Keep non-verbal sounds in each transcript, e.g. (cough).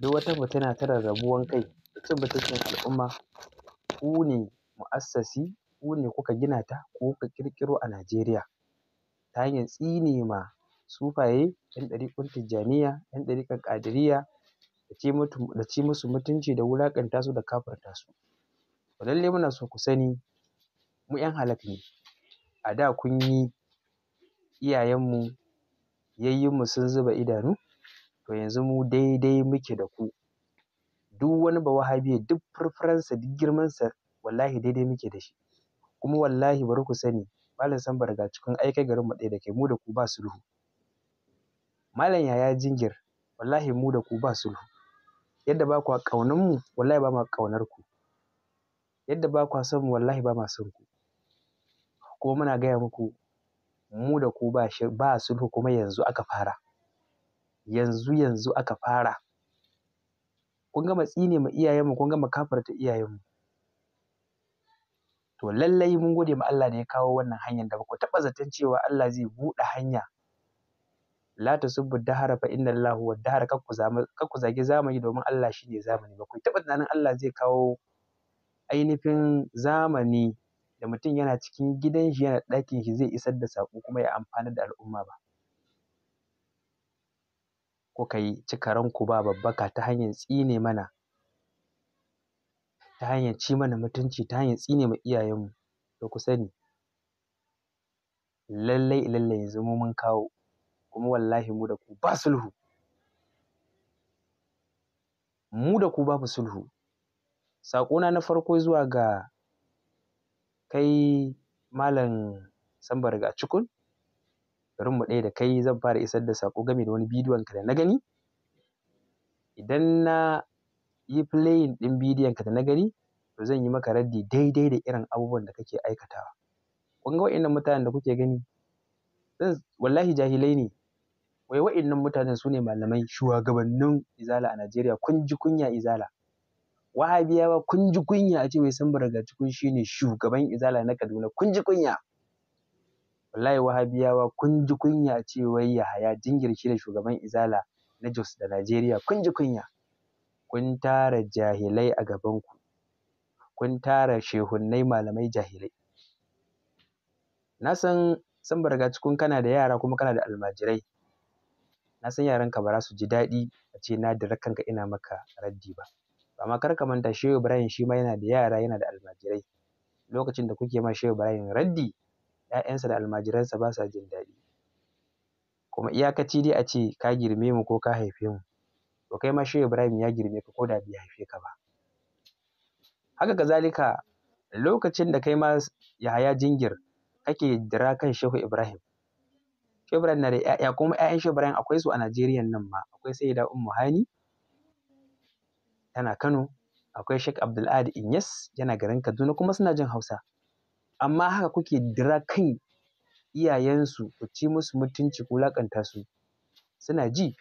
duk wata na ta rarrabuwan kai da ta mutuncin al'umma ku ne mu'assasi ku ne kuka gina ta ko kuka ƙirƙiro a Najeriya ta hanyar tsine ma sufaye ‘yan ɗariƙun tijjaniya ‘yan ɗariƙar ƙadiriyya da ci musu mutunci da wulaƙanta su da kafirta su to lallai muna so ku sani mu ‘yan halak ne a da kun yi iyayen mu iyayenmu mu sun zuba idanu to yanzu mu daidai muke da ku duk wani wahabiya duk farfaransa duk girmansa wallahi daidai muke da shi kuma wallahi bari ku sani malam sambar barga cikin ai kai garin mu ɗaya da kai mu da ku ba sulhu malam yaya jingir wallahi mu da ku ba sulhu yadda ba kwa ƙaunar mu wallahi ba ma ƙaunar ku yadda ba kwa son mu wallahi ba ma son ku kuma muna gaya muku mu da ku ba sulhu kuma yanzu aka fara yanzu yanzu aka fara kun gama tsine ma iyayenmu kun gama kafarta iyayenmu to lallai mun gode ma Allah da ya kawo wannan hanyar da bako taɓa zaton cewa Allah zai buɗe hanya la tasubbu dahara fa inna Allah huwa dahara kar ku zagi zamani domin Allah shine zamani ba ku taɓa tunanin Allah zai kawo ainihin zamani da mutum yana cikin gidan shi yana ɗakin shi zai isar da saƙo kuma ya amfana da al'umma ba kuka yi ci ranku ba babbaka ta hanyar tsine mana ta hanyar ci mana mutunci ta hanyar tsine ma iyayenmu to ku sani lallai lallai yanzu mu mun kawo kuma wallahi mu da ku ba sulhu mu da ku babu sulhu saƙona na farko zuwa ga kai malam sambar ga cikun garin mu ɗaya da kai zan fara isar da saƙo game da wani bidiyon ka da na gani idan na yi playing ɗin bidiyon ka da na gani to zan yi maka raddi daidai da irin abubuwan da kake aikatawa kun ga wa'innan mutanen da kuke gani wallahi jahilai ne wai wa'innan mutanen su ne malamai shugabannin izala a Najeriya kun ji kunya izala wahabiyawa kun ji kunya a ce wai sun bargaci kun shine shugaban izala na Kaduna kun ji kunya wallahi wahabiyawa kun ji kunya a ce wai yahaya jingirki da shugaban izala na jos da najeriya kun ji kunya kun tara jahilai a gabanku kun tara shehunnai malamai jahilai na san san barga cikin kana da yara kuma kana da almajirai na san yaranka ba za su ji daɗi a ce na da kanka ina maka raddi ba amma kar ka manta shehu ibrahim shi ma yana da yara yana da almajirai lokacin da kuke ma shehu ibrahim raddi 'ya'yansa da almajiransa ba sa jin daɗi kuma iyakaci dai a ce ka girme mu ko ka haife mu to kai ma shehu ibrahim ya girme ka ko da bai haife ka ba haka kazalika lokacin da kai ma yahaya jingir kake dira kan shehu ibrahim shehu ibrahim na da 'ya'ya kuma 'ya'yan shehu ibrahim akwai su a najeriya nan ma akwai sayyida ummu hani tana kano akwai sheikh abdul ahad inyas yana garin kaduna kuma suna jin hausa amma haka kuke dira kan iyayensu ku ci musu mutunci ku wulaƙanta su suna ji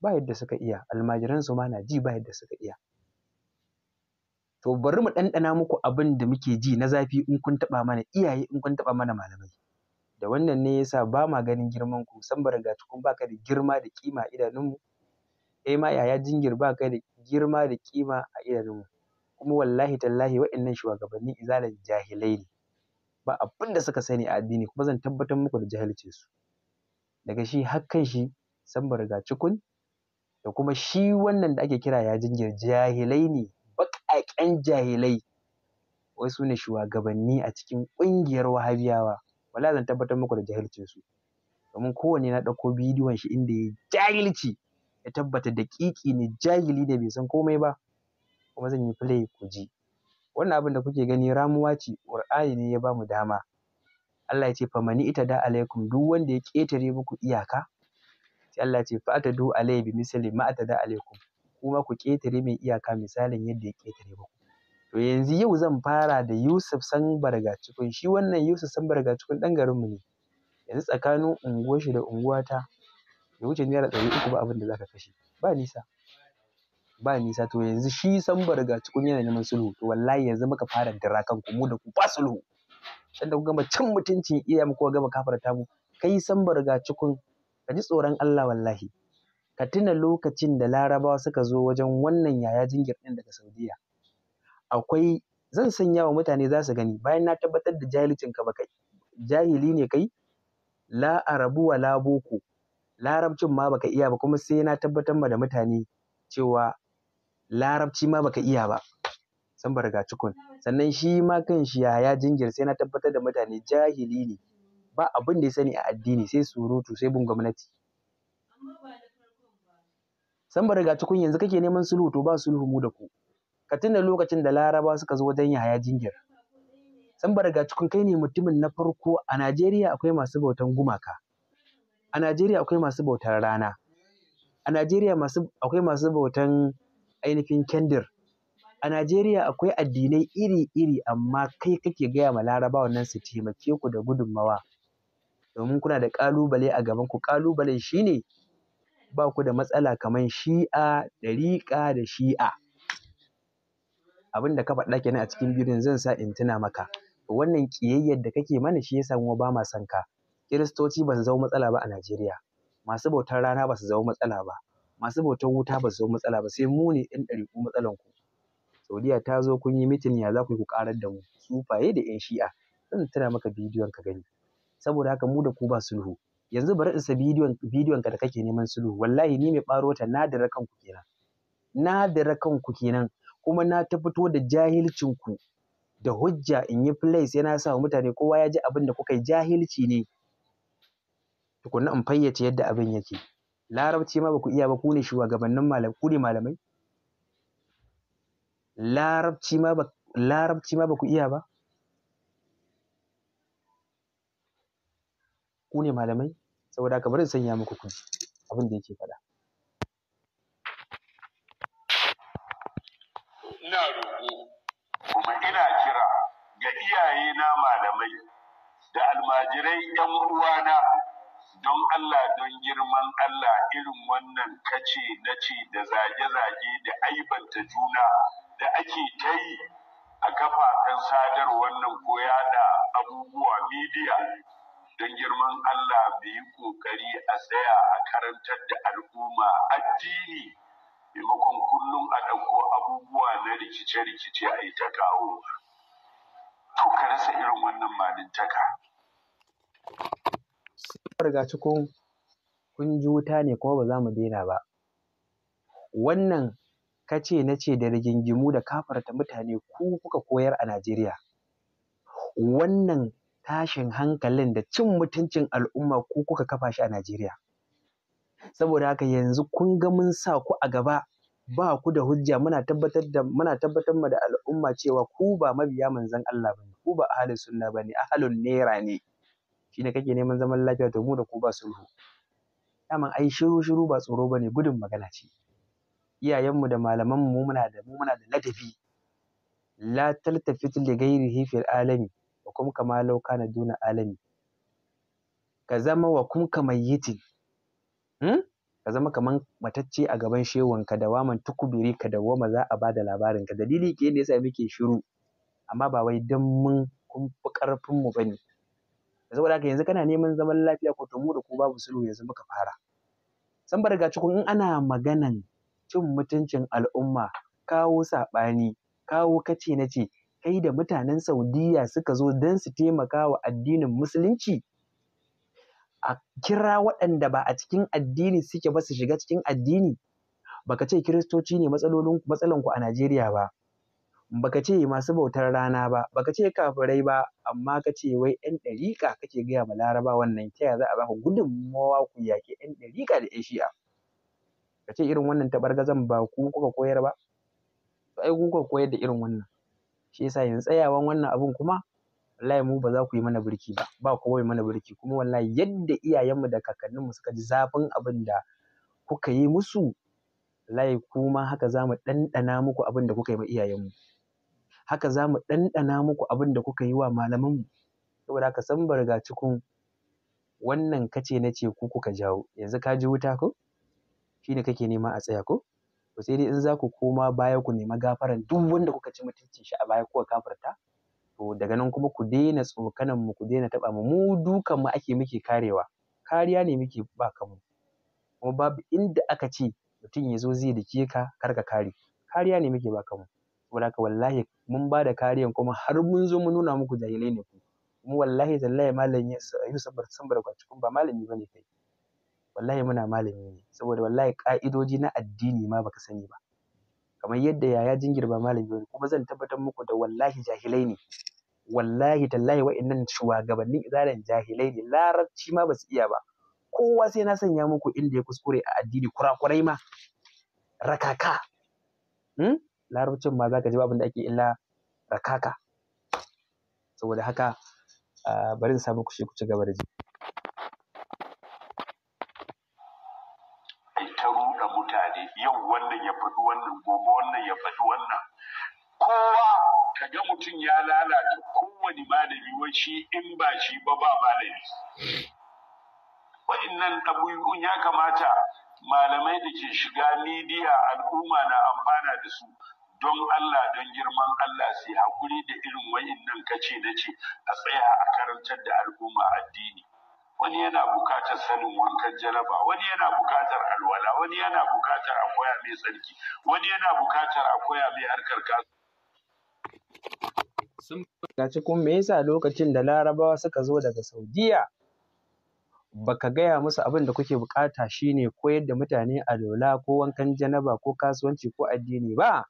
ba yadda suka iya almajiransu ma na ji ba yadda suka iya to bari mu ɗanɗana muku abin da muke ji na zafi in kun taɓa mana iyaye in kun taɓa mana malamai da wannan ne yasa ba ma ganin girman ku san barga tukun baka da girma da kima a idanunmu kai eh ma yaya jingir baka da girma da kima a idanunmu kuma wallahi tallahi waɗannan shugabannin izalan jahilai ne ba abin da suka sani a addini kuma zan tabbatar muku da jahilcin su daga shi har kan shi riga cikun. da kuma shi wannan da ake kira ya jingir jahilai ne baƙaƙen jahilai wai su ne shugabanni a cikin ƙungiyar wahabiyawa wala zan tabbatar muku da jahilcin su domin kowanne na ɗauko bidiyon shi inda ya jahilci ya tabbata daƙiƙi ne jahili da bai san komai ba kuma zan yi play ku ji wannan abin da kuke gani ramuwa ce ƙur'ani ne ya bamu dama Allah ya ce fa mani ita da alaikum duk wanda ya ƙetare muku iyaka sai Allah ya ce fa atadu alai bi misli ma atada alaikum kuma ku ƙetare mai iyaka misalin yadda ya ƙetare muku to yanzu yau zan fara da Yusuf san bargacikun shi wannan Yusuf Sanbarga dan ɗan garinmu ne yanzu tsakanin unguwar shi da unguwata ya wuce naira ɗari uku ba abin da zaka kashe ba nisa ba nisa to yanzu shi san barga cikin yana neman sulhu to wallahi yanzu muka fara dira ku, mu da ku ba sulhu can da ku gama cin mutuncin iya muku gama kafarta mu kai san barga cikin ka ji tsoron Allah wallahi ka tuna lokacin da larabawa suka zo wajen wannan yaya jingir din daga saudiya akwai zan sanya wa mutane za su gani bayan na tabbatar da jahilcin ka ba kai jahili ne kai la arabu wa la boko larabcin ma baka iya ba kuma sai na tabbatar ma da mutane cewa larabci ma baka iya ba san riga cikun sannan shi ma kan shi yaya jingir sai na tabbatar da mutane jahili ne ba abin da ya sani a addini sai surutu sai bin gwamnati san riga cikun yanzu kake neman sulhu to ba sulhu mu da ku ka tuna lokacin da laraba suka zo wajen yaya jingir san riga cikun kai ne mutumin na farko a Najeriya akwai masu bautan gumaka a Najeriya akwai masu bautan rana a Najeriya akwai masu bautan ainihin kendir. A Najeriya akwai addinai iri-iri amma kai kake gaya ma larabawan nan su taimake ku da gudunmawa domin kuna da ƙalubale a gaban ku. Ƙalubalen shi ne ba ku da matsala kamar shi'a, ɗariƙa da shi'a. Abin da ka faɗa kenan a cikin bidiyon zan sa in tuna maka. Wannan ƙiyayyar da kake mana shi ya sa mu ba ma son ka. Kiristoci ba su zama matsala ba a Najeriya. Masu bautar rana ba su zama matsala ba. masu bautar wuta ba su zo matsala ba sai mu ne ɗan ɗariƙu matsalan ku saudiya ta zo kun yi mitin ya za ku yi ku ƙarar da mu sufaye da yan shi'a zan tuna maka bidiyon ka gani saboda haka mu da ku ba sulhu yanzu bari in sa bidiyon bidiyon ka da kake neman sulhu wallahi ni mai ɓaro ta nadira kanku kenan nadira kanku kenan kuma na ta fito da jahilcin ku da hujja in yi place yana na sa mutane kowa ya ji abin da kuka yi jahilci ne tukunna in fayyace yadda abin yake larabci ma ba ku iya ba ku ne shugabannin malamai ku ne malamai larabci ma ba larabci ma ba ku iya ba ku ne malamai saboda haka bari in sanya muku kun abin da yake faɗa ina roƙo kuma ina kira ga na malamai da almajirai 'yan uwana don Allah don girman Allah irin wannan kace na ce da zage-zage da aibanta juna da ake ta yi a kafafen sadar wannan ko yada abubuwa media, don girman Allah mai yi kokari a tsaya a karantar da al'umma addini maimakon kullum a ɗauko abubuwa na rikice-rikice a yi ta kawo to ka rasa irin wannan malintaka riga cikin kun ji wuta ne kuma ba za mu daina ba wannan kace na ce da rigingimu da kafarta mutane ku kuka koyar a Najeriya wannan tashin hankalin da cin mutuncin al'umma ku kuka kafa shi a Najeriya saboda haka yanzu kun ga mun sa ku a gaba ba ku da hujja muna tabbatar da muna tabbatar da al'umma cewa ku ba mabiya manzon Allah bane ku ba ahlus sunna bane ahlun nera ne shine kake neman zaman lafiya to mu da ku ba sulhu daman ai shiru shiru ba tsoro bane gudun magana ce iyayenmu da malaman mu muna da mu muna da ladabi la taltafit li ghairihi fil alami wa kum kama law kana duna alami ka zama wa kum kamayyitin hmm? ka zama kaman matacce a gaban shewanka da waman tukubiri ka dawwama za a bada labarin ka dalili ke ne yasa muke shiru amma ba wai dan mun kun fi ƙarfin mu bane saboda haka yanzu kana neman zaman lafiya ko to da ko babu sulhu yanzu muka fara san barga cikin in ana maganan cin mutuncin al'umma kawo saɓani kawo kace na ce kai da mutanen saudiya suka zo don su taimaka wa addinin musulunci a kira waɗanda ba a cikin addini suke ba su shiga cikin addini baka ce kiristoci ne matsalolin matsalanku a najeriya ba baka ce masu bautar rana ba baka ce kafirai ba amma ka ce wai yan ɗariƙa kake gaya ma laraba wannan ta za a baka gudunmawa ku yaƙi yan ɗariƙa da yan shi'a ka ce irin wannan taɓargazan ba ku kuka koyar ba to ai ku kuka koyar da irin wannan shi yasa yanzu tsayawan wannan abun kuma wallahi mu ba za ku yi mana birki ba ba kuma mana birki kuma wallahi yadda iyayenmu da kakanninmu suka ji zafin abin da kuka yi musu wallahi kuma haka za mu ɗanɗana muku abin da kuka yi ma iyayenmu haka za mu ɗanɗana muku abin da kuka yi wa malamanmu saboda haka san barga cikin wannan kace na ce ku kuka jawo yanzu ka ji wuta ko shi ne kake nema a tsaya ko to sai dai in za ku koma baya ku nema gafaran duk wanda kuka ci mutuncin shi a baya kuka kafarta to daga nan kuma ku daina tsokanan mu ku daina taɓa mu mu dukan mu ake muke karewa kariya ne muke ba kanmu kuma babu inda aka ce mutum ya zo zai dake ka kar ka kare kariya ne muke ba kanmu saboda haka wallahi mun ba da kariyan kuma har mun zo mun nuna muku jahilai ne ku kuma wallahi tallahi malami Yusuf bar kwaci kun ba malami bane kai wallahi muna malami ne saboda wallahi ka'idoji na addini ma baka sani ba kamar yadda yaya jingir ba malami bane kuma zan tabbatar muku da wallahi jahilai ne wallahi tallahi wa'annan shugabannin izalan jahilai ne larabci ma basu iya ba kowa sai na sanya muku inda ya kuskure a addini kurakurai ma rakaka hmm? larabcin ma za ka ji abin da ake illa rakaka saboda haka bari in samu kushi ku gaba da ji ta ruɗa mutane yau wannan ya faɗi wannan gobe wannan ya faɗi wannan kowa ka ga mutum ya lalata kowane malami wai in ba shi ba ba malami wa'innan ɗabi'un ya kamata malamai da ke shiga midiya al'umma na amfana da su don Allah don girman Allah sai hakuri da irin nan kace na ce a tsaya a karantar da al'umma addini wani yana bukatar sanin wankan janaba wani yana bukatar alwala wani yana bukatar a koya mai tsarki wani yana bukatar a koya mai harkar kasu sun buƙaci kun me yasa lokacin da larabawa suka zo daga saudiya baka gaya musu abin da kuke bukata shine koyar da mutane alwala ko wankan janaba ko kasuwanci ko addini ba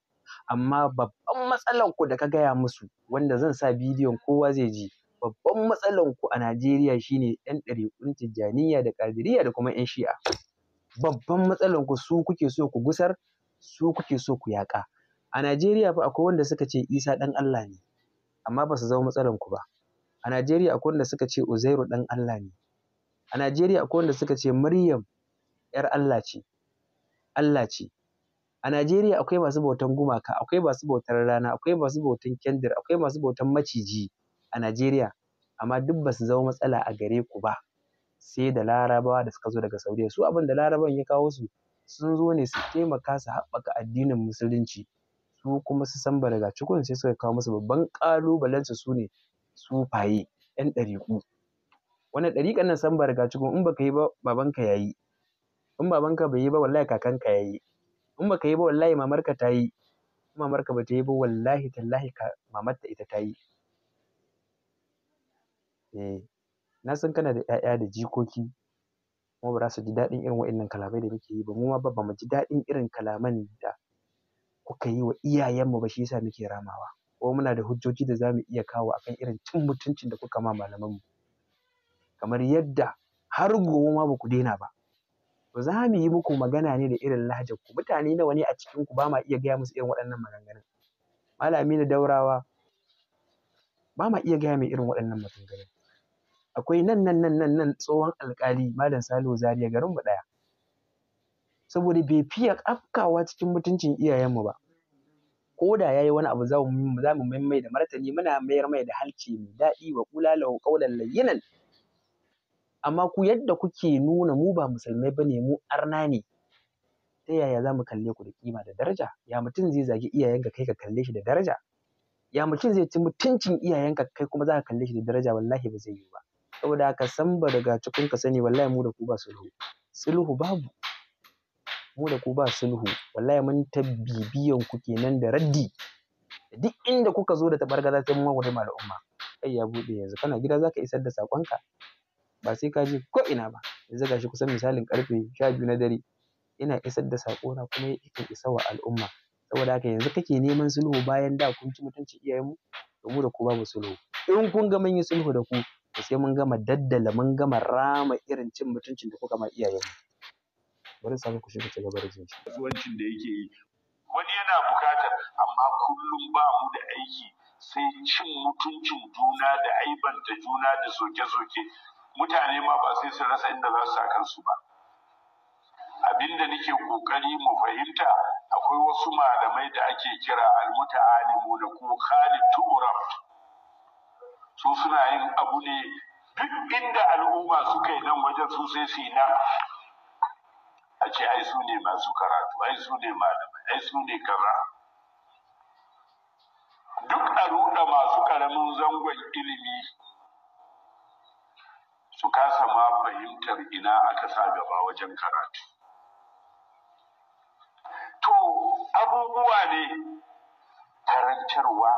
amma babban matsalan ku da ka gaya musu wanda zan sa bidiyon kowa zai ji babban matsalan ku a Najeriya shine yan ɗariƙun Tijjaniya da Ƙadiriyya da kuma yan Shi'a babban matsalan ku su kuke so ku gusar su kuke so ku yaƙa a Najeriya fa akwai wanda suka ce Isa ɗan Allah ne amma ba su zama matsalan ku ba a Najeriya akwai wanda suka ce Uzairu ɗan Allah ne a Najeriya akwai wanda suka ce Maryam ‘yar Allah ce Allah ce A Najeriya akwai masu bautan gumaka, akwai masu bautan rana, akwai masu bautan kyandir, akwai masu bautan maciji a Najeriya. Amma duk ba su zama matsala a gare ku ba, sai da Larabawa da suka zo daga Saudiyya. Su abin da Larabawan ya kawo su, sun zo ne su taimaka su haɓaka addinin Musulunci. Su kuma su san daga cikin sai suka kawo musu babban ƙalubalen su ne sufaye, ‘yan ɗariƙu. Wannan ɗariƙan nan san ba daga cikin in baka yi ba babanka ya yi, in babanka bai yi ba wallahi kakanka ya yi. in baka yi ba wallahi mamarka ta yi in mamarka ba ta yi ba wallahi tallahi ka mamar ta ita ta yi eh na san kana da ƴaƴa da jikoki kuma ba za su ji daɗin irin waɗannan kalamai da muke yi ba mu ma ba mu ji daɗin irin kalaman da kuka yi wa iyayenmu ba shi yasa muke ramawa kuma muna da hujjoji da za mu iya kawo akan irin cin mutuncin da kuka ma malamanmu kamar yadda har gobe ma ba ku daina ba to za mu yi muku magana ne da irin lahajar ku mutane nawa ne a cikin ku ba ma iya gaya musu irin waɗannan maganganun Malami na Daurawa ba ma iya gaya mai irin waɗannan maganganun akwai nan nan nan nan nan tsohon alƙali Malam Salihu Zariya garin mu ɗaya saboda bai fiya afkawa cikin mutuncin iyayenmu ba ko da yayi wani abu za mu mai da martani muna mayar mai da halce mai daɗi wa kula lahu qawlan layyinan amma ku yadda kuke nuna mu ba musulmai ba ne mu arna ne ta yaya za mu kalle ku da kima da daraja ya mutum zai zagi iyayenka kai ka kalle shi da daraja ya mutum zai ci mutuncin iyayenka kai kuma za ka kalle shi da daraja wallahi ba zai yi ba saboda haka san ba daga cikin ka sani wallahi mu da ku ba sulhu sulhu babu mu da ku ba sulhu wallahi mun ta bibiyan ku kenan da raddi duk inda kuka zo da tabargaza sai mun wagware ma al'umma kai ya buɗe yanzu kana gida zaka isar da saƙonka ba sai ka je ko ina ba yanzu gashi kusan misalin karfe sha biyu na dare ina isar da sako na kuma yakan isa wa al'umma saboda haka yanzu kake neman sulhu bayan da kun ci mutuncin iyayenmu to mu da ku babu sulhu in kun ga mun yi sulhu da ku to sai mun gama daddala mun gama rama irin cin mutuncin da kuka ma iyayenmu bari samu ku shiga cigaba da jin shi kasuwancin da yake yi wani yana bukatar amma kullum ba mu da aiki sai cin mutuncin juna da aibanta juna da soke-soke mutane ma ba sai su rasa inda za su sa kansu ba abinda nake kokari mu fahimta akwai wasu malamai da ake kira almuta'alimu da ko khalid tu'raf su suna yin abu ne duk inda al'umma suka yi nan wajen su sai su yi a ce ai su ne masu karatu ai su ne malamai ai su ne kaza duk a ruɗa masu ƙaramin zangon ilimi su kasa ma fahimtar ina aka sa gaba wajen karatu. To, abubuwa ne karantarwa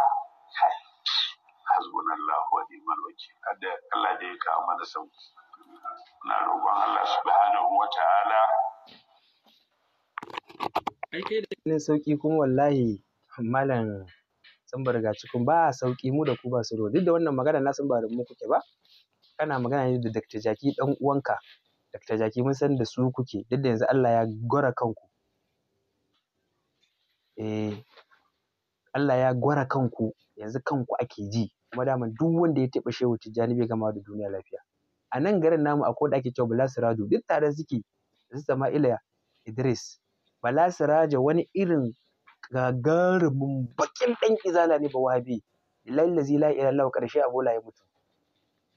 hasbunallah wa ni'mal wakil da Allah da ya kawo sauki na roƙon Allah subhanahu wa ta'ala aike da sauki kuma wallahi malam sun barga cikin ba sauki mu da ku ba su duk da wannan magana na san ba da mu kuke ba kana magana ne da Dr. Jaki ɗan uwanka Dr. Jaki mun san da su kuke duk da yanzu Allah ya gwara kanku eh Allah ya gwara kanku yanzu kanku ake ji kuma dama duk wanda ya taɓa shehu tijjani bai gama da duniya lafiya a nan garin namu akwai da ake cewa Bala duk tare suke su Sama'ila Idris Bala Siraja wani irin gagarumin bakin ɗan izala ne ba wahabi lillahi la ilaha illallah karshe abola ya mutu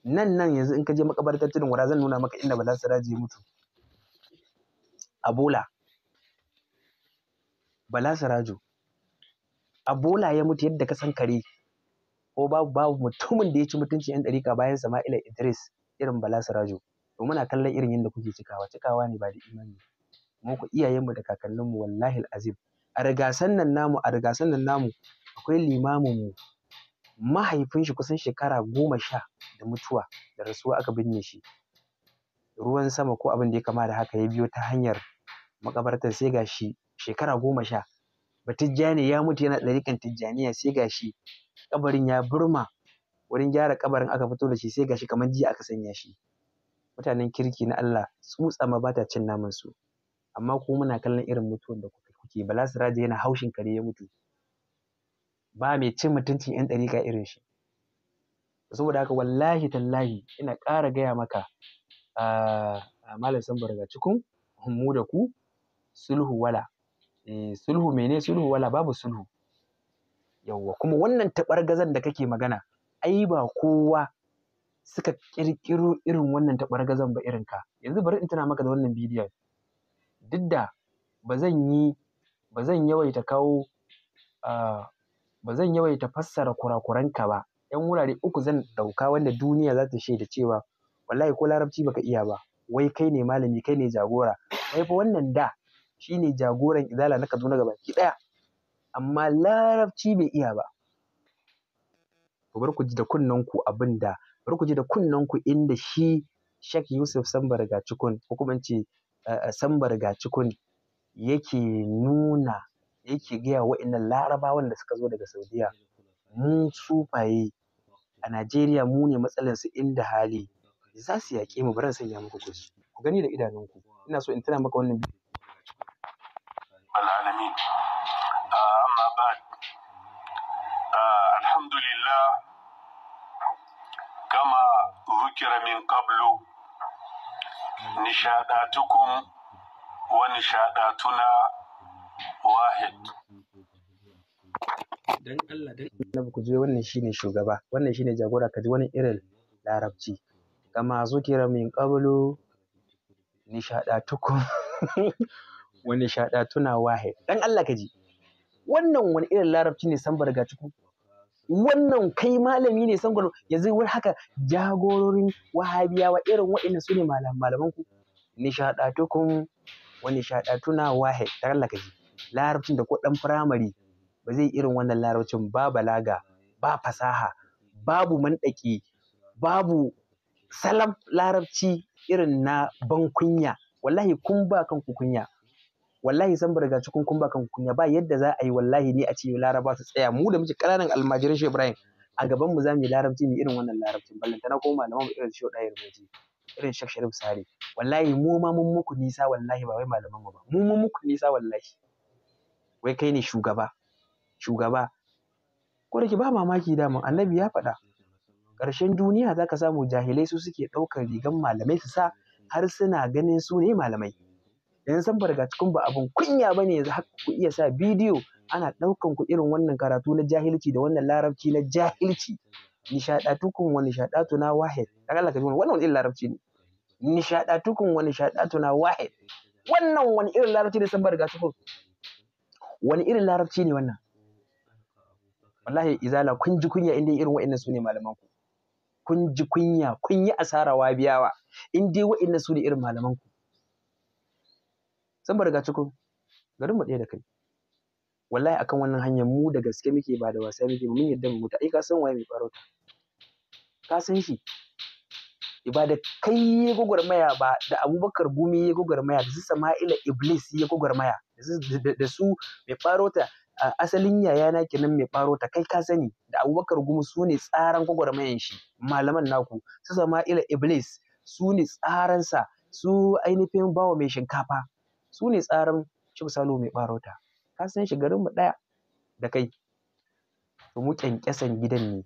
nan nan yanzu in ka je makabartar tudun wara zan nuna maka inda bala siraji ya mutu abola bala abola ya mutu yadda ka san kare ko babu babu mutumin da ya ci mutunci yan dariƙa bayan sama'ila idris irin bala sirajo to muna kallon irin yadda kuke cikawa cikawa ne ba da imani mu ku iyayenmu da kakanninmu wallahi azim a rigasan nan namu a rigasan nan namu akwai limamin mu mahaifin shi kusan shekara goma sha da mutuwa da rasuwa aka binne shi ruwan sama ko abin da ya kama da haka ya biyo ta hanyar makabartar sai ga shi shekara goma sha batijjani ya mutu yana ɗarikan tijjaniya sai ga shi kabarin ya burma wurin gyara kabarin aka fito da shi sai ga shi kamar jiya aka sanya shi mutanen kirki na Allah tsutsa ma bata cin naman su amma ko muna kallon irin mutuwan da kuke bala siraje yana haushin kare ya mutu ba mai cin mutuncin yan ɗarika irin shi saboda haka wallahi tallahi ina ƙara gaya maka malam sambo daga cikin mu da ku sulhu wala eh, sulhu mene sulhu wala babu sulhu yawwa kuma wannan taɓargazan da kake magana ai ba kowa suka ƙirƙiro irin wannan taɓargazan ba irin ka yanzu bari in tana maka da wannan bidiyon duk da ba zan yi ba zan yawaita kawo ba zan yawaita fassara kurakuranka ba 'yan wurare uku zan ɗauka wanda duniya za ta shaida cewa wallahi ko larabci baka iya ba wai kai ne malami kai ne jagora wai fa wannan da shine jagoran izala na Kaduna ki ɗaya amma larabci bai iya ba to bar ku ji da kunnenku abin da bari ku ji da ku inda shi Sheikh Yusuf Sambar cikun ko kuma ce eh, eh, Sambar cikun yake nuna yake gaya wa'annan larabawan da suka zo daga Saudiya mu sufaye a Najeriya mu ne matsalar su inda hali za su yaƙe mu bar sanya muku kuzi ku gani da idanunku ina so in tana maka wannan alalamin ah, amma ba ah, alhamdulillah kama zukira min qablu wani wa tuna wahid dan Allah dan Allah ku je wannan shine shugaba wannan shine jagora ka ji wani irin larabci kama zukira min qablu nishadatukum (laughs) wani tuna wahe dan Allah ka ji wannan wani irin larabci ne san barga cikin wannan kai malami ne san yanzu wani haka jagororin wahabiyawa irin waɗannan su ne malaman ku nishadatukum wani tuna wahe dan Allah ka ji larabcin da ko dan firamare ba zai irin wannan larabcin ba balaga ba fasaha babu mandaki babu salam larabci irin na ban kunya wallahi kun ba kanku kunya wallahi san barga cikin kun ba kan kunya ba yadda za a yi wallahi ni a ce laraba su tsaya mu da muke kananan almajirin shi Ibrahim a gaban mu za mu yi larabci ne irin wannan larabcin na koma malaman mu irin shi ɗaya rubuci irin Sheikh Sharif Sare wallahi mu ma mun muku nisa wallahi ba wai malaman mu ba mu mun muku nisa wallahi wai kai ne shugaba shugaba ko da ke ba mamaki mun annabi ya faɗa ƙarshen duniya za ka samu jahilai su suke ɗaukar rigan malamai su sa har suna ganin su ne malamai yanzu san barga cikin ba abin kunya ba ne yanzu ku iya sa bidiyo ana ɗaukan ku irin wannan karatu na jahilci da wannan larabci na jahilci nishaɗatukun wa nishaɗatuna wahid kalla ka ji wannan irin larabci ne nishaɗatukun wa nishaɗatuna wahid wannan wani irin larabci ne san barga cikin wani irin larabci ne wannan wallahi izala kun ji kunya inda irin wa'annan su ne malaman ku kun ji kunya kun yi asara wa biyawa in dai wa'annan su ne irin malaman ku san barga cikin garin mu ɗaya da kai wallahi akan wannan hanyar mu da gaske muke ba da wasa muke mun yadda mu mutu ai ka san waye mai farauta ka san shi ibada kai ya gwagwarmaya ba da abubakar gumi ya gwagwarmaya da su sama'ila iblis ya gwagwarmaya da su mai farauta asalin yayana kenan mai faro ta kai ka sani da abubakar gumu su ne tsaran gwagwarmayan shi malaman naku su sama'ila iblis su ne tsaransa su ainihin bawa mai shinkafa su ne tsaran shi salo mai barota ka san shi mu ɗaya da kai mu kyankyasan gidan ne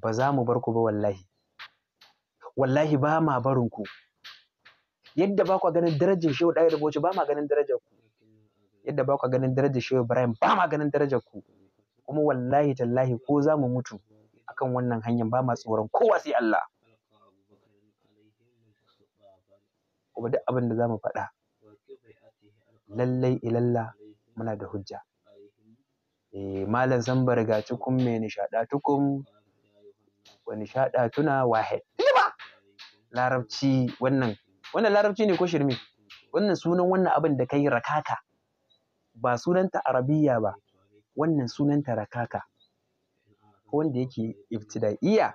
ba za mu bar ku ba wallahi wallahi ba ma barin ku yadda ba ku ganin darajar shi ɗaya da boci ba ma ganin darajar ku yadda ba ku ganin darajar shehu ibrahim ba ma ganin darajar ku kuma wallahi tallahi ko za mu mutu akan wannan hanyar ba ma tsoron kowa sai Allah kuma duk abin da za mu faɗa lallai ilalla muna da hujja eh malam samba barga tukun mai nishaɗa tukun wa nishaɗa tuna wahid liba larabci wannan wannan larabci ne ko shirme wannan sunan wannan abin da kai rakaka ba sunanta arabiya ba wannan sunanta rakaka wanda yake ibtida'iya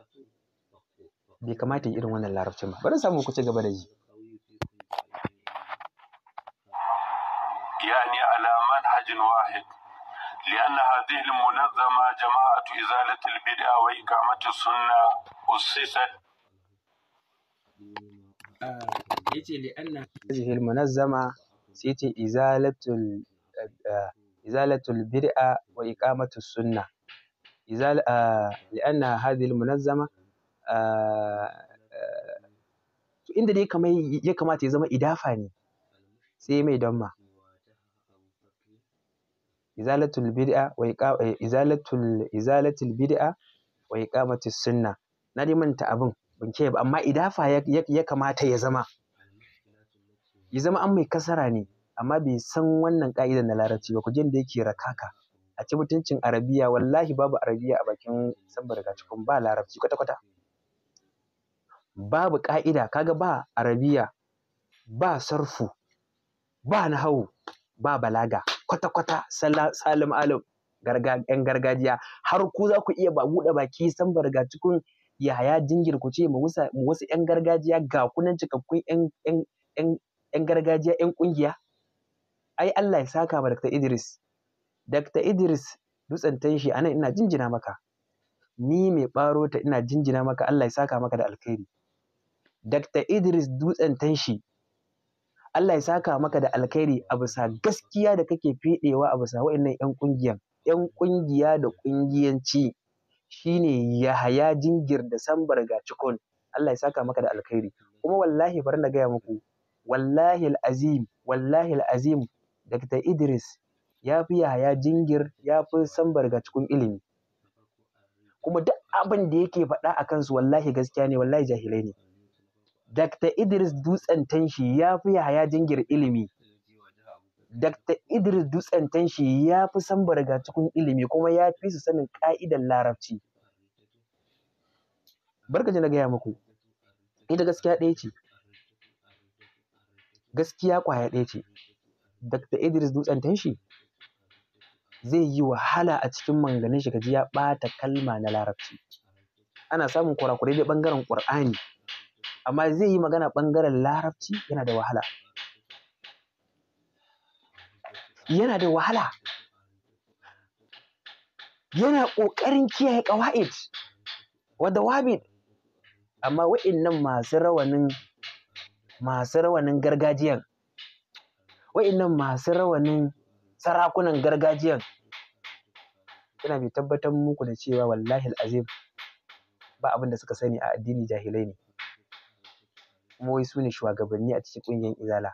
bai kamata irin wannan larabcin ba bari samu ku ci gaba da ji يعني على منهج واحد لأن هذه المنظمة جماعة إزالة البدع وإقامة السنة أسست هذه المنظمة سيتي إزالة izalatul bid'a wa iqamatus sunna izal li'an hadhihi almunazzama inda dai kamar ya kamata ya zama idafa ne sai mai damma izalatul bid'a wa izalatul izalatul bid'a wa iqamatus sunna na dai manta abin ban ke ba amma idafa ya kamata ya zama ya zama an mai kasara ne amma bai san wannan ƙa'idar na larabci ba ku ji yake rakaka a ci mutuncin arabiya wallahi babu arabiya a bakin sambar rigacikun ba larabci kwata-kwata babu ƙa'ida kaga ba arabiya ba sarfu ba nahawu ba balaga kwata-kwata salim alim ‘yan gargajiya har ku za ku iya ba buɗe baki sambar rigacikun yaya jingir ku ce mu wasu ‘yan gargajiya ga kunan cikakkun ‘yan gargajiya ‘yan ƙungiya ai Allah ya saka ma Dr. Idris Dr. Idris dutsen tanshi anan ina jinjina maka ni mai ɓaro ta ina jinjina maka Allah ya saka maka da alkhairi Dr. Idris dutsen tanshi Allah ya saka maka da alkhairi a bisa gaskiya da kake fiɗewa a bisa wa'annan 'yan ƙungiyan 'yan ƙungiya da ƙungiyanci shine Yahaya Jingir da Sambar ga cikon Allah ya saka maka da alkhairi kuma wallahi bari na gaya muku wallahi al'azim wallahi al'azim Dr. Idris ya fi yaya Jingir ya fi san ga cikin ilimi. Kuma duk abin da yake faɗa a kansu wallahi gaskiya ne wallahi jahilai ne. Dr. Idris Dutsen Tanshi ya fi yaya Jingir ilimi. Dr. Idris Dutsen Tanshi ya fi san ga cikin ilimi kuma ya fi su sanin ƙa'idar larabci. Barka na gaya muku. Ita gaskiya ɗaya ce. Gaskiya ƙwaya ɗaya ce. Dr. Idris Dutsen Tanshi zai yi wahala a cikin manganin shi kaji ya ɓata kalma na larabci ana samun kurakurai da ɓangaren ƙur'ani amma zai yi magana ɓangaren larabci yana da wahala yana da wahala yana ƙoƙarin kiyaye ƙawa'id wadda wabid amma wa'innan masu rawanin masu rawanin gargajiyan wa'innan masu rawanin sarakunan gargajiyan ina mai tabbatar muku da cewa wallahi azim ba abin da suka sani a addini jahilai ne kuma wai su ne shugabanni a cikin ƙungiyar izala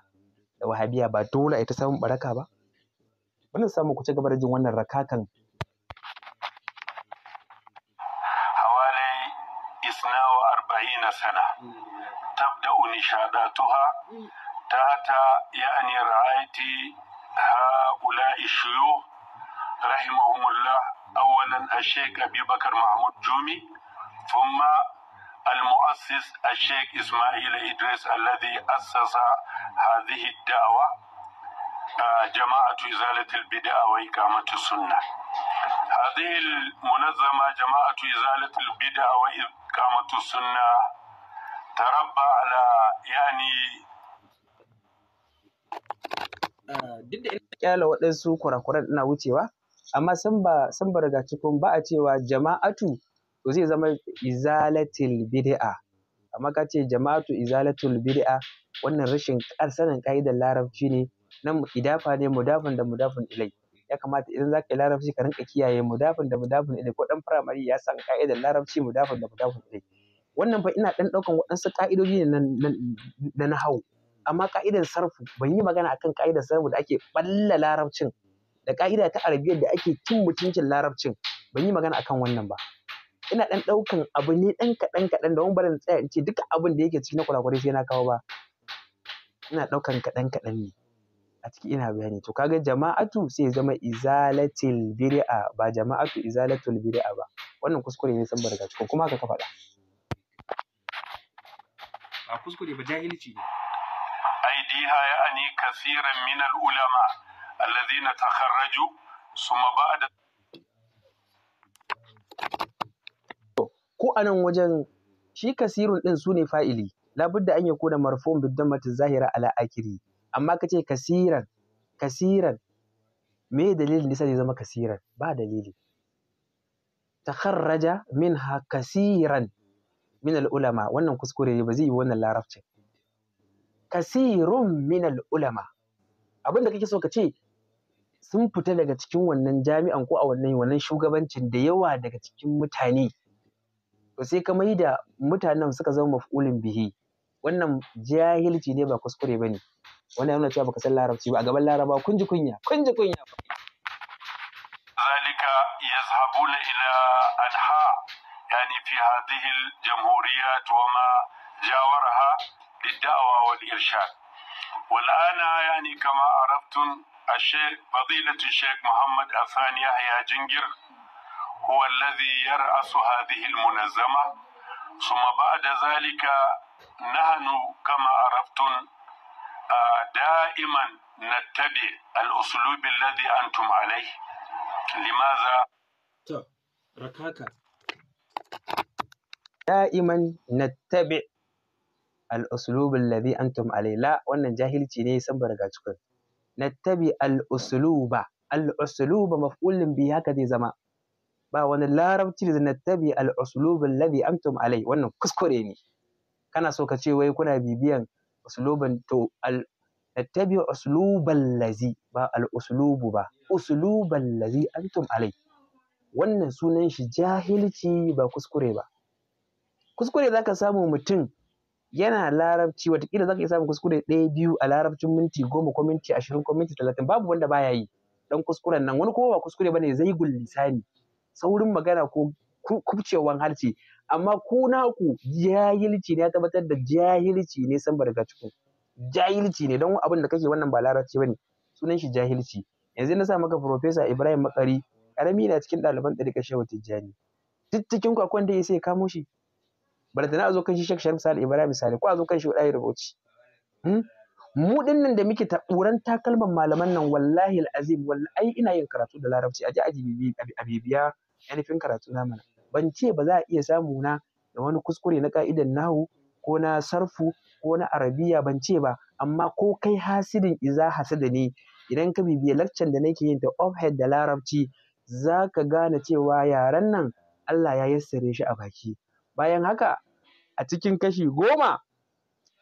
da wahabiya ba dole a ta samun baraka ba wannan samu ku ci gaba da jin wannan rakakan هؤلاء الشيوخ رحمهم الله أولا الشيخ أبي بكر محمود جومي ثم المؤسس الشيخ إسماعيل إدريس الذي أسس هذه الدعوة آه، جماعة إزالة البدع وإقامة السنة هذه المنظمة جماعة إزالة البدع وإقامة السنة تربى على يعني duk da ina kyala waɗansu kurakuran ina wucewa amma san ba san ba riga cikin ba a cewa jama'atu to zai zama izalatil bid'a amma ka ce jama'atu izalatul bid'a wannan rashin sanin ka'idar larabci ne nan idafa ne mudafin da mudafin ilai ya kamata idan zaka yi larabci ka rinka kiyaye mudafin da mudafin ilai ko dan firamare ya san ka'idar larabci mudafin da mudafin ilai wannan fa ina dan daukan waɗansu ka'idoji ne na nahawu amma ka'idar sarfu ban yi magana akan ka'idar sarfu da ake balla larabcin da ka'ida ta arabiyyar da ake cin mutuncin larabcin ban yi magana akan wannan ba ina dan daukan abu ne dan kaɗan kaɗan da wani barin tsaya in ce duka abin da yake ciki na kurakurai sai na kawo ba ina daukan kaɗan kaɗan ne a ciki ina bayani to kaga jama'atu sai zama izalatil bid'a ba jama'atu izalatul bid'a ba wannan kuskure ne san barka kuma haka ka faɗa ba kuskure ba jahilci ne فيها يعني كثيرا من العلماء الذين تخرجوا ثم بعد ko anan wajen shi kasirun din su ne fa'ili labudda an yakuna marfu'un bidammati zahira ala akiri amma kace kasiran kasiran me dalilin da zai zama kasiran ba dalili min minha kasiran min ulama wannan kuskure ne ba zai yi wannan larabcin kasirun minal ulama abinda kake so ka ce sun fita daga cikin wannan jami'an ko a wannan wannan shugabancin da yawa daga cikin mutane to sai ka mai da mutanen suka zama maf'ulin bihi wannan jahilci ne ba kuskure bane wannan yana cewa baka san larabci ba a gaban laraba kun ji kunya kun ji kunya zalika yazhabuna ila anha yani fi hadhihi al-jamhuriyat wa ma للدعوة والإرشاد والآن يعني كما عرفتم الشيخ فضيلة الشيخ محمد أثان يحيى جنجر هو الذي يرأس هذه المنظمة ثم بعد ذلك نحن كما عرفتم دائما نتبع الأسلوب الذي أنتم عليه لماذا؟ ركاكا دائما نتبع al ladhi antum alai la wannan jahilci ne san barga cikin nattabi al-usluba al-usluba maf'ulun bi haka zai zama ba wani larabci da nattabi al-uslubul ladhi antum alai wannan kuskure ne kana so ka ce wai kuna bibiyan usluban to al nattabi uslubal ladhi ba al-uslubu ba uslubal ladhi antum alai wannan sunan shi jahilci ba kuskure ba kuskure zaka samu mutum yana larabci watakila za ka iya samun kuskure ɗaya biyu a larabcin minti goma ko minti ashirin ko minti talatin babu wanda baya yi dan kuskuren nan wani kowa ba kuskure bane gul lisani saurin magana ko kubcewan harshe amma ku naku jahilci ne ya tabbatar da jahilci ne san barka cikin jahilci ne don abin da kake wannan ba larabci bane sunan shi jahilci yanzu na sa maka professor Ibrahim Makari karami na cikin ɗaliban ka Shehu Tijjani duk cikin kwakwan da ya sai kamo shi da na zo kan shi shek sharif sale ibrahim misali ko a zo kan shi wadai rubuci hmm? mu dinnan da muke taɓuran takalman malaman nan wallahi al'azim wallahi ina yin karatu da larabci aje aji a bibiya fin karatu na mana ban ce ba za a iya samu na da wani kuskure na ka'idan nahu ko na sarfu ko na arabiya ban ce ba amma ko kai hasidin iza hasada ne idan ka bibiya laccan da nake yin ta offhead da larabci za ka gane cewa yaren nan Allah ya yassare shi a baki bayan haka a cikin kashi goma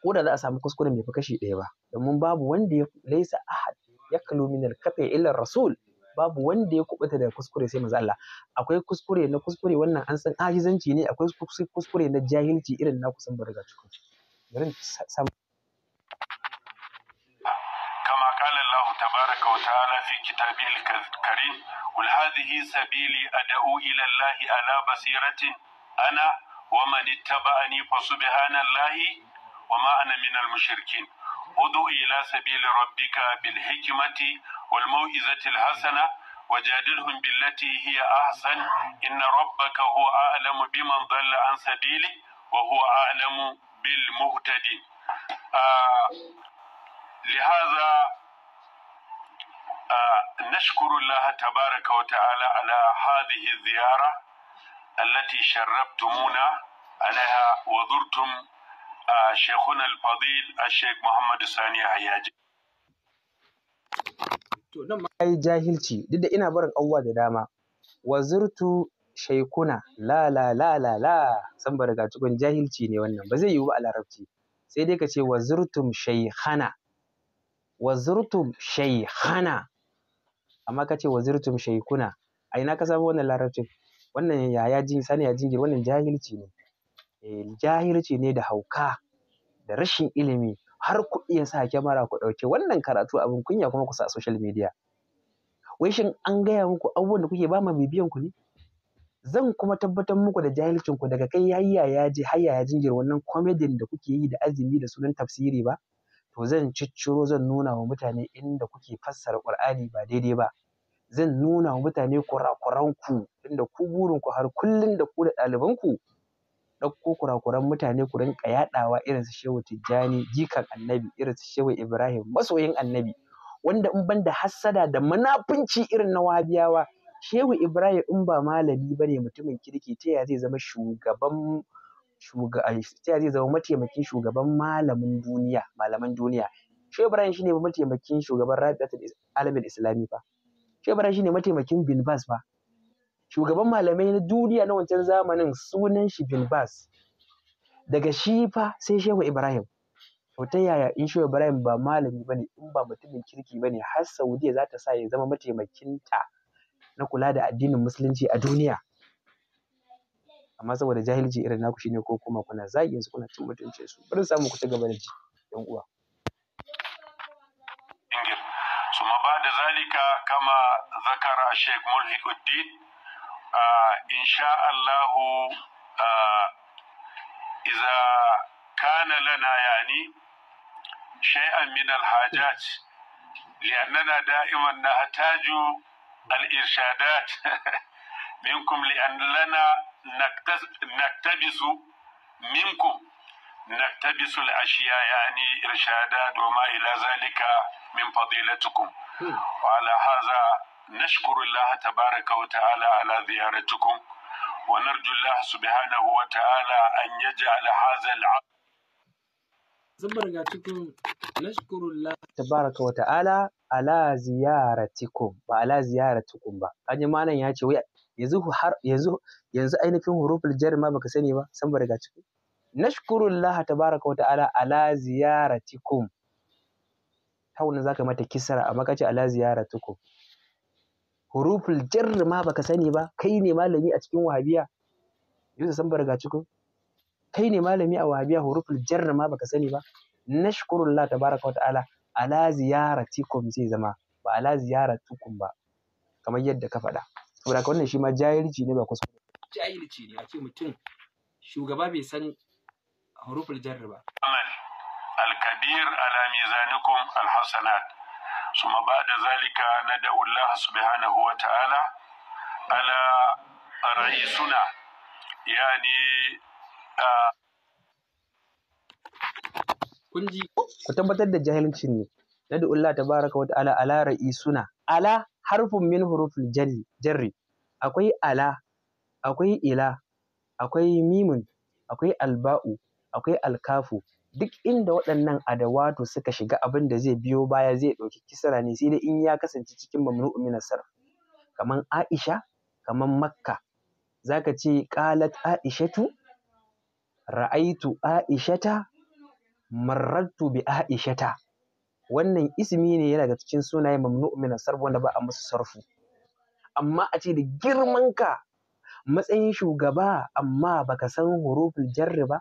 ko da za a samu kuskure bai fi kashi ɗaya ba domin babu wanda ya laisa ahad ya kalu min alkafe illar rasul babu wanda ya kubuta daga kuskure sai manzo Allah akwai kuskure na kuskure wannan an san ahizanci ne akwai kuskure na jahilci irin na kusan barga cikin garin sam kama kala Allah tabaraka wa ta'ala fi kitabihi al-karim wal hadhihi sabili ad'u ila Allah ala basiratin ana ومن اتبعني فسبحان الله وما أنا من المشركين ادعو إلى سبيل ربك بالحكمة والموئزة الحسنة وجادلهم بالتي هي أحسن إن ربك هو أعلم بمن ضل عن سبيله وهو أعلم بالمهتدين آه لهذا آه نشكر الله تبارك وتعالى على هذه الزيارة التي شرفتمونا عليها وزرتم شيخنا الفضيل الشيخ محمد ثاني حياج to nan ma yi jahilci duk da ina barin abubuwa da dama wazirtu shaikuna la la la la la san ba riga cikin jahilci ne wannan ba zai yiwu ba a larabci sai dai ka ce wazirtum shaikhana wazirtum shaikhana amma ka ce wazirtum shaikuna a ina ka samu wannan larabcin wannan yaya jin jingir wannan jahilci ne eh jahilci ne da hauka da rashin ilimi har ku iya sa kyamara ku ɗauke wannan karatu abin kunya kuma ku sa a social media wai shin an gaya muku abubuwan da kuke ba ma bibiyan ku ne zan kuma tabbatar muku da jahilcin ku daga kai yayi ya ji har yaya jingir wannan comedian da kuke yi da azumi da sunan tafsiri ba to zan cicciro zan nuna wa mutane inda kuke fassara Qur'ani ba daidai ba zan nuna wa mutane kurakuranku inda ku burinku har kullum da ku da ɗalibanku ɗauko kurakuran mutane ku rinƙa yaɗawa irin su Shehu Tijjani jikan annabi irin su Shehu Ibrahim masoyin annabi wanda in ban da hassada da munafunci irin na wahabiyawa Shehu Ibrahim in ba malami bane mutumin kirki ta ya zai zama shugaban zai zama mataimakin shugaban malamin duniya malaman duniya Shehu Ibrahim shine mataimakin shugaban Rabi'atul Alamin Islami fa Shehu shi ne mataimakin Bin Bas ba shugaban malamai na duniya na wancan zamanin sunan shi Bin Bas daga shi fa sai Shehu Ibrahim to ta yaya in Shehu Ibrahim ba malami bane in ba mutumin kirki bane har Saudiya za ta sa ya zama mataimakin ta na kula da addinin musulunci a duniya amma saboda jahilci irin naku shine ko kuma kuna zagin su kuna cin mutuncin su bari samu ku ci gaba da ji yan uwa ذلك كما ذكر الشيخ ملحق الدين آه، إن شاء الله آه، إذا كان لنا يعني شيئا من الحاجات لأننا دائما نحتاج الإرشادات (laughs) منكم لأن لنا نقتبس منكم نقتبس الأشياء يعني إرشادات وما إلى ذلك من فضيلتكم wa هذا نشكر الله تبارك وتعالى على زيارتكم ala الله سبحانه وتعالى أن يجعل هذا ta'ala an ga cikin nashkuru Allah tabaraka wa ala ala ba yanzu ainihin ma baka sani ba san barga cikin nashkurullah tabaraka wa ta'ala ala ziyaratikum hawun zaka mata kisra amma kace ala ziyaratukum huruful jarr ma baka sani ba kai ne malami a cikin wahabiya yusuf san barga cikin kai ne malami a wahabiya huruful jarr ma baka sani ba nashkurullah tabaraka wa ta'ala ala ziyaratikum zai zama ba ala ziyaratukum ba kamar yadda ka faɗa saboda wannan shi ma jahilci ne ba kusa jahilci ne a ce mutum shugaba bai san huruful jarr ba الكبير على ميزانكم الحسنات ثم بعد ذلك ندعو الله سبحانه وتعالى على رئيسنا يعني kunji ku tabbatar da jahilcin ne na Allah tabaraka wa ta'ala ala ra'isuna ala harfun min hurufil jarri akwai ala akwai ila akwai mimun akwai alba'u akwai alkafu duk inda waɗannan adawatu suka shiga abin da zai biyo baya zai ɗauki kisra ne sai dai in ya kasance cikin mamnu'u min sarf kaman Aisha kaman Makka zaka ce qalat Aishatu ra'aitu Aishata marartu bi Aishata wannan ismi ne yana daga cikin sunaye mamnu'u min sarf wanda ba a musu sarfu amma a ce da ka matsayin shugaba amma baka san huruful jarri ba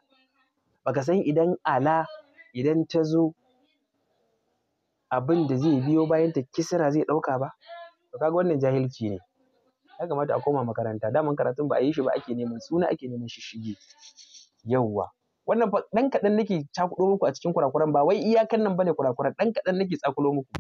baka san idan ala idan ta zo abin da zai biyo bayan ta kisra zai ɗauka ba to kaga wannan jahilci ne ya kamata a koma makaranta daman karatun ba a yi shi ba ake neman suna ake neman shishige yawwa wannan ɗan kaɗan nake cakuɗo muku a cikin kurakuran ba wai iyakan nan bane kurakuran ɗan kaɗan nake tsakulo muku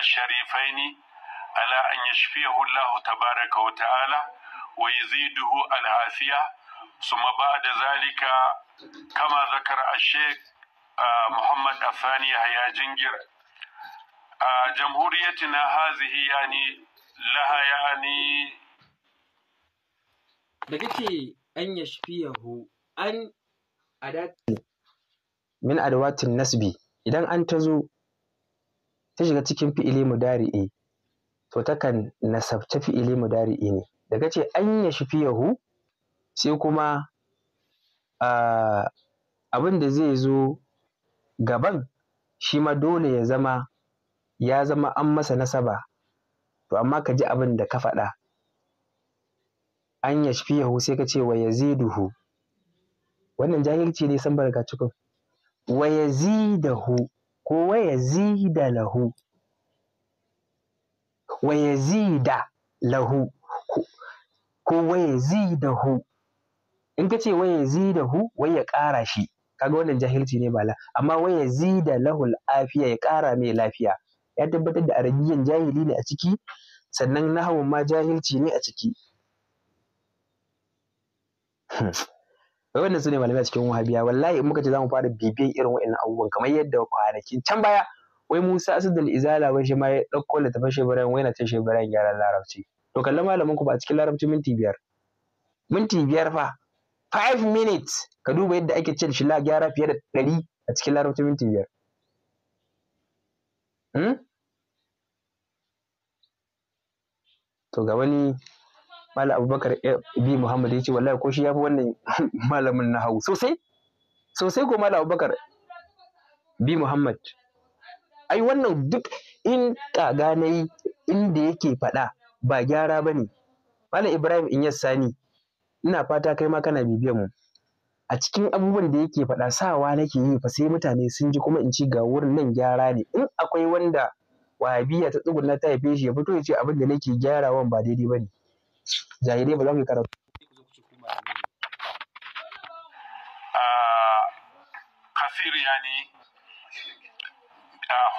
الشريفين على أن يشفيه الله تبارك وتعالى ويزيده العافية ثم بعد ذلك كما ذكر الشيخ محمد الثاني يا جنجر جمهوريتنا هذه يعني لها يعني دقيقي أن يشفيه أن أدات من أدوات النسبي إذا أنت زو ta shiga cikin fi'ili mudari'i to takan nasabta fi'ili mudari'i ne da ce an ya yahu sai kuma abin da zai zo gaban shi ma dole ya zama ya zama an masa nasaba to amma ka ji abin da ka faɗa an ya yahu sai ka ce wa ya yaziduhu wannan jahilci ne san barga cikin wa yazidahu ko waya da lahu waya da lahu ko da hu, in ka ce da hu, wai ya ƙara shi kaga wannan jahilci ne bala amma zi da lahu lafiya ya ƙara mai lafiya ya tabbatar da arabiyyan jahili ne a ciki sannan nahawun ma jahilci ne a ciki wai wannan su ne malamai a cikin wahabiya wallahi in muka ce zamu fara bibiyar irin wa'annan abubuwan kamar yadda kwanakin can baya wai Musa Asadul Izala wai shi ma ya da tafashe Shebaran wai na ta Shebaran gyaran larabci to kallon malamin ku ba a cikin larabci minti biyar minti biyar fa five minutes ka duba yadda ake cin shi la gyara fiye da ɗari a cikin larabci minti biyar hmm? to ga wani malam abubakar eh, B muhammad ya ce wallahi ko shi ya fi wannan (laughs) malamin na hau sosai sosai ko malam abubakar B muhammad ai wannan duk in kaga na yi inda yake faɗa ba gyara ba ne malam ibrahim in sani ina fata kai ma kana bibiyan mu a cikin abubuwan da yake faɗa sawa nake yi fa sai mutane sun ji kuma in ci ga wurin nan gyara ne in akwai wanda wabiya ta tsuguna ta haife shi ya fito ya ce abin da nake gyarawan ba daidai ba ne jahilai ba za mu yi karatu كثير يعني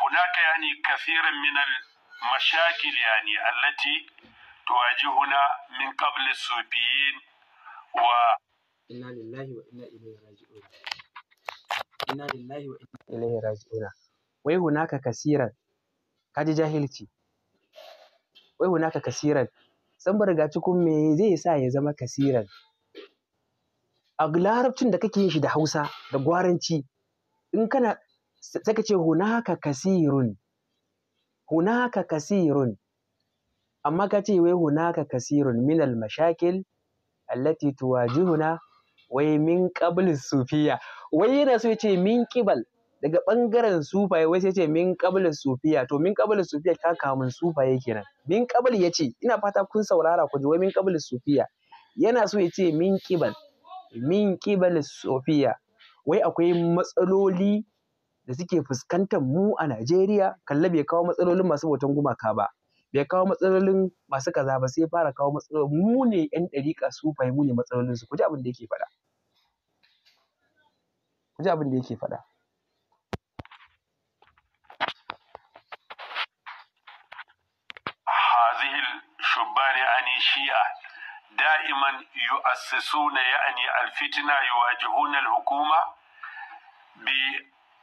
هناك يعني كثير من المشاكل يعني التي تواجهنا من قبل و لله راجعون لله راجعون كثيرا kaji jahilci wai hunaka kasiran riga cikin me zai sa ya zama kasiran a larabcin da kake yin shi da hausa da gwaranci in kana sai ka ce hunaka kasirun hunaka kasirun amma ka ce wai hunaka kasirun Min minal mashakil allati tuwajihuna wai min qabl sufiya wai yana so ya ce min qibal daga ɓangaren sufaye wai sai ce min qabla sufiya to min qabla sufiya ta kamun sufaye kenan min ya yace ina fata kun saurara ku ji wai min qabla sufiya yana so ya ce min qibal min qibal sufiya wai akwai matsaloli da suke fuskantar mu a Najeriya kalla bai kawo matsalolin masu bautan gumaka ba bai kawo matsalolin masu kaza ba sai fara kawo matsalolin mu ne yan ɗariƙa su mu ne matsalolin su ku ji abin da yake faɗa ku ji abin da yake faɗa shi'a da'iman yu'assisuna ya'ani alfitna yuwajihuna alhukuma bi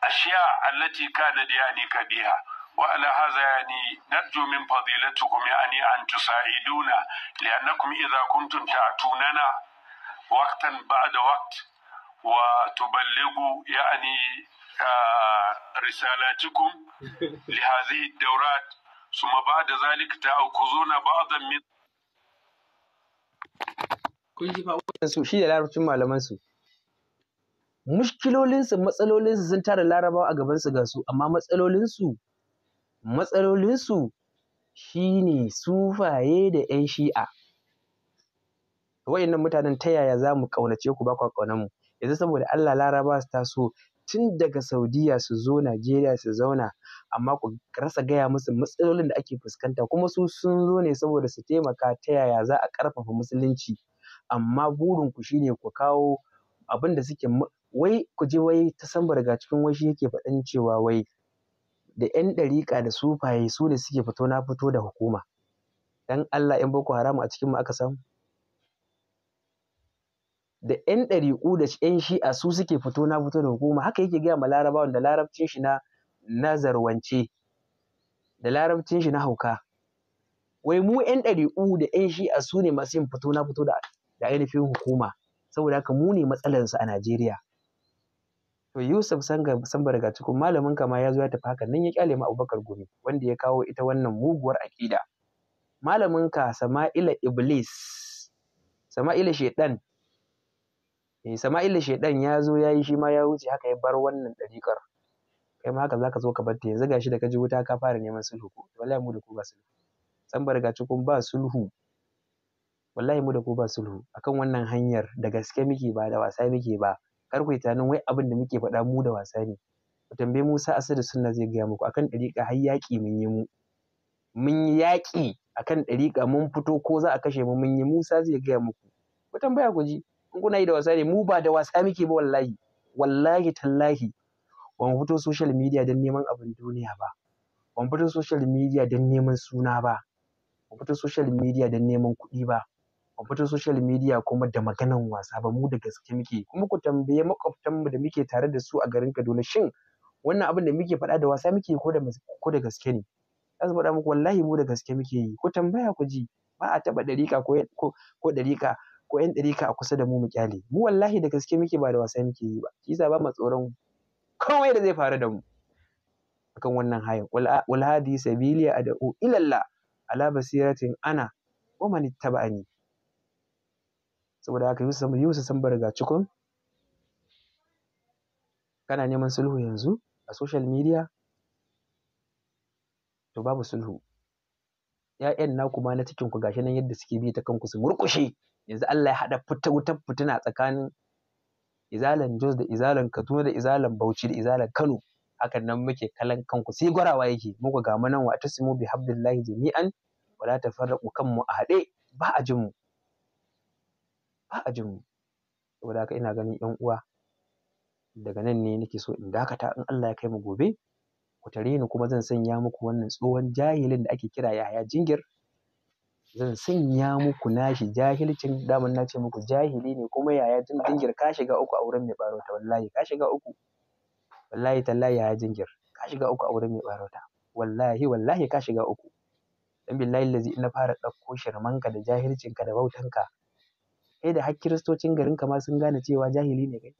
ashiya allati kanat yani kabiha وعلى هذا يعني نرجو من فضيلتكم يعني أن تساعدونا لأنكم إذا كنتم تأتوننا وقتا بعد وقت وتبلغوا يعني آه رسالاتكم لهذه الدورات ثم بعد ذلك تأخذون بعضا من kun su shi da larabcin malaman su mushkilolinsu matsalolinsu sun tara larabawa a gabansu ga su amma matsalolinsu matsalolinsu shine sufaye da 'yan shi'a wa'annan mutanen ta yaya za mu ƙaunace ku ba kwa ƙaunar mu yanzu saboda Allah laraba su taso tun daga Saudiya su zo Najeriya su zauna amma ku rasa gaya musu matsalolin da ake fuskanta kuma su sun zo ne saboda su taimaka ta yaya za a ƙarfafa musulunci amma burin ku shine ku kawo abin da suke wai ku je wai ta san daga cikin wai shi yake faɗin cewa wai da 'yan ɗariƙa da sufaye su ne suke fito na fito da hukuma dan Allah 'yan boko haram a cikin mu aka samu da 'yan ɗariƙu da 'yan shi'a su suke fito na fito da hukuma haka yake gaya ma larabawan da larabcin shi na nazarwance da larabcin shi na hauka wai mu 'yan ɗariƙu da 'yan shi'a su ne masu yin fito na fito da da ainihin hukuma saboda haka mu ne matsalarsu a Najeriya to Yusuf Samba ga cikin malamin kama ya zo ya tafi haka nan ya kyale mu Abubakar Gumi wanda ya kawo ita wannan muguwar aƙida malamin ka Sama'ila Iblis Sama'ila Shedan eh Sama'ila ya zo ya yi shi ma ya wuce haka ya bar wannan ɗariƙar kai ma haka zaka zo ka barta yanzu gashi da kaji wuta ka fara neman sulhu ko wallahi mu da ku ba sulhu Samba ga cikin ba sulhu wallahi mu da ku ba sulhu akan wannan hanyar da gaske muke ba da wasa muke ba kar ku yi tunanin wai abin da muke faɗa mu da wasa ne ku tambayi Musa da Sunna zai gaya muku akan ɗariƙa har yaƙi mun yi mu mun yi yaƙi akan ɗarika mun fito ko za a kashe mu mun yi Musa zai gaya muku ku tambaya ku ji in kuna yi da wasa ne mu ba da wasa muke ba wallahi wallahi tallahi ba mu fito social media don neman abin duniya ba ba mu fito social media don neman suna ba ba mu fito social media don neman kuɗi ba mu fito social media kuma da maganan wasa ba mu da gaske muke kuma ku tambaye mu da muke tare da su a garin Kaduna shin wannan abin da muke faɗa da wasa muke ko da ko da gaske ne za su faɗa muku wallahi mu da gaske muke yi ku tambaya ku ji ba a taɓa ɗariƙa ko ko ko ƴan ɗariƙa a kusa da mu mu kyale mu wallahi da gaske muke ba da wasa muke yi ba shi yasa ba mu tsoron kawai da zai faru da mu akan wannan hayan wal hadi sabili ad'u ila Allah ala basiratin ana wa man saboda haka Yusuf san barga cikon kana neman sulhu yanzu a social media to babu sulhu ‘ya'yan naku ma na cikin ku gashi nan yadda suke bi ta kanku su murkushe yanzu Allah ya haɗa fita wutar fitina tsakanin izalan Jos da izalan Kaduna da izalan Bauchi da izalan Kano hakan nan muke kalan kanku sai gwarawa yake muku ga mu nan wa tasmu bi habdillahi jami'an wala tafarraqu kanmu a haɗe ba a jin mu ba a jin mu saboda haka ina ganin ƴan uwa daga nan ne nake so in dakata in Allah ya kai mu gobe ku tare ni kuma zan sanya muku wannan tsohon jahilin da ake kira yaya Jingir zan sanya muku nashi jahilcin daman na ce muku jahili ne kuma yaya Jingir ka shiga uku a wurin mai barota wallahi ka shiga uku wallahi tallahi yaya Jingir ka shiga uku a wurin mai barota wallahi wallahi ka shiga uku dan billahi lazi na fara ɗauko shirmanka da jahilcinka da bautanka kai da har kiristocin garin ma sun gane cewa jahili ne kai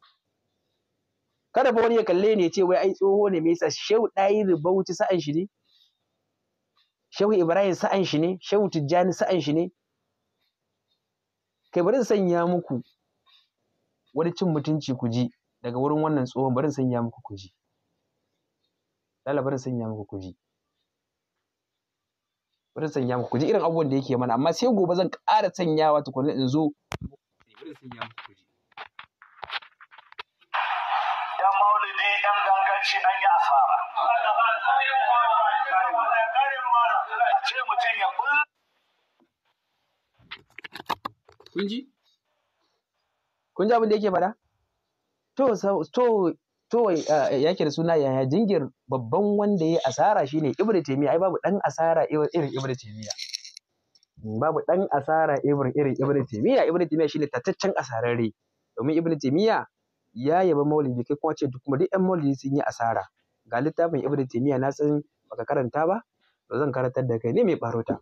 kada fa wani ya kalle ne ya ce wai ai tsoho ne mai sa shehu dai rubauci sa'an shi ne shehu ibrahim sa'an shi ne shehu tijjani sa'an shi ne kai bari sanya muku wani cin mutunci ku ji daga wurin wannan tsohon bari sanya muku ku ji lalla bari sanya muku ku ji bari in sanya muku ku irin abubuwan da yake mana amma sai gobe zan ƙara sanyawa tukunna in zo bari in sanya muku ku ji dan maulidi dan ganganci an yi asara a ce mutum ya kun ji kun ji abin da yake faɗa to to to yake da suna yaya jingir babban wanda ya asara shine ibnu taymiya ai babu dan asara irin ibnu taymiya babu dan asara irin irin ibnu taymiya ibnu taymiya shine tataccen asararre domin ibnu taymiya ya yaba maulidi kai kuma ce duk kuma duk yan maulidi sun yi asara ga littafin ibnu taymiya na san baka karanta ba to zan karantar da kai ne mai barota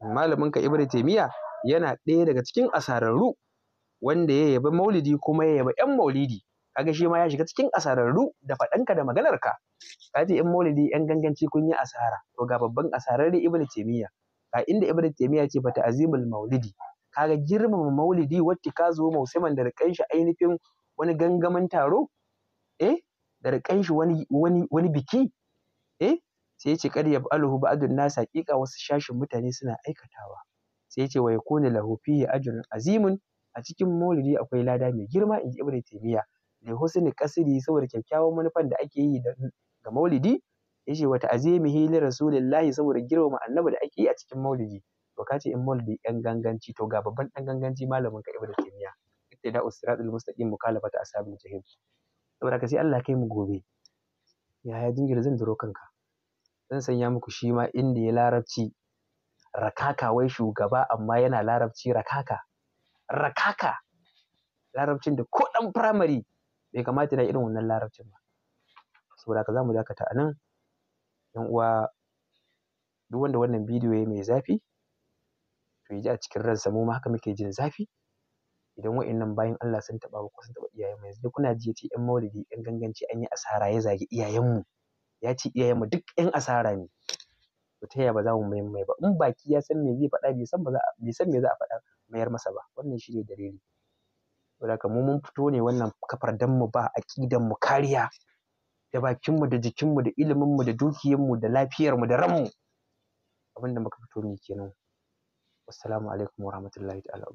malamin ka ibnu taymiya yana ɗaya daga cikin asararru wanda ya yaba maulidi kuma ya yaba yan maulidi kaga shi ma ya shiga cikin asararru da faɗanka da maganarka ka ce in maulidi yan ganganci kun yi asara to ga babban asararre ibn taymiya ka inda ibn taymiya ce fa azimul maulidi kaga girmama maulidi wacce ka zo musamman da rikan shi ainihin wani gangamin taro eh da rikan shi wani wani wani biki eh sai ya ce kar ya ba'aluhu ba'dun nas haqiqa wasu shashin mutane suna aikatawa sai ya ce wa yakunu lahu fihi ajrun azimun a cikin maulidi akwai lada mai girma in ji ibn taymiya li husni qasdi saboda kyakkyawan manufan da ake yi ga maulidi yace wa ta'zimihi li rasulillahi saboda girmama annabi da ake yi a cikin maulidi to ka in maulidi ɗan ganganci to ga babban ɗan ganganci malamin ka ibnu taymiya da usratul mustaqim mukalafata ashabul jahim saboda ka sai Allah kai mu gobe yaya dingira zan duro kanka zan sanya muku shi ma inda ya larabci rakaka wai shugaba amma yana larabci rakaka rakaka larabcin da ko dan firamare bai kamata na irin wannan larabcin ba saboda haka za dakata a nan yan uwa duk wanda wannan bidiyo ya mai zafi to yaji a cikin ransa mu ma haka muke jin zafi idan wa'annan bayan Allah sun taɓa ba ko sun taɓa mu yanzu kuna ji yace ƴan maulidi ƴan ganganci an yi asara ya zagi iyayen mu ya iyayen mu duk ƴan asara ne to ta yaya ba za mu mai mai ba in baki ya san me zai faɗa bai san ba za bai san me za a faɗa mayar masa ba wannan shine dalili saboda mu mun fito ne wannan kafar dan mu ba aƙidan mu kariya da bakinmu mu da jikinmu da ilimin mu da dukiyarmu mu da lafiyar mu da ranmu abinda muka fito ne kenan assalamu alaikum warahmatullahi ta'ala